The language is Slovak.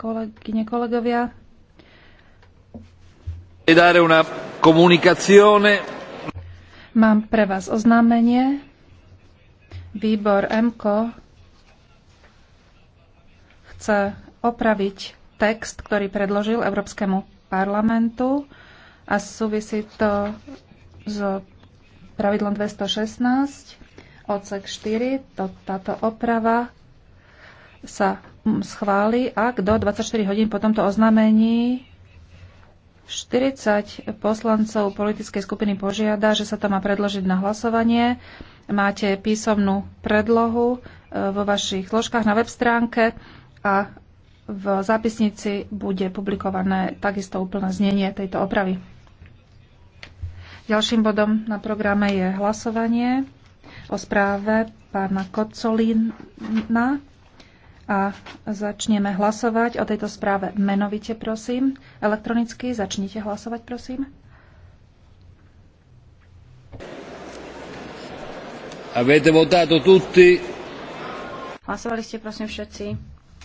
Kolegyne, kolegovia. Mám pre vás oznámenie. Výbor MKO chce opraviť text, ktorý predložil Európskemu parlamentu a súvisí to s pravidlom 216 odsek 4. To, táto oprava sa schváli, ak do 24 hodín po tomto oznámení 40 poslancov politickej skupiny požiada, že sa to má predložiť na hlasovanie. Máte písomnú predlohu e, vo vašich zložkách na web stránke a v zápisnici bude publikované takisto úplné znenie tejto opravy. Ďalším bodom na programe je hlasovanie o správe pána Kocolína a začneme hlasovať o tejto správe menovite, prosím. Elektronicky začnite hlasovať, prosím. Avete votato tutti? Hlasovali ste, prosím, všetci.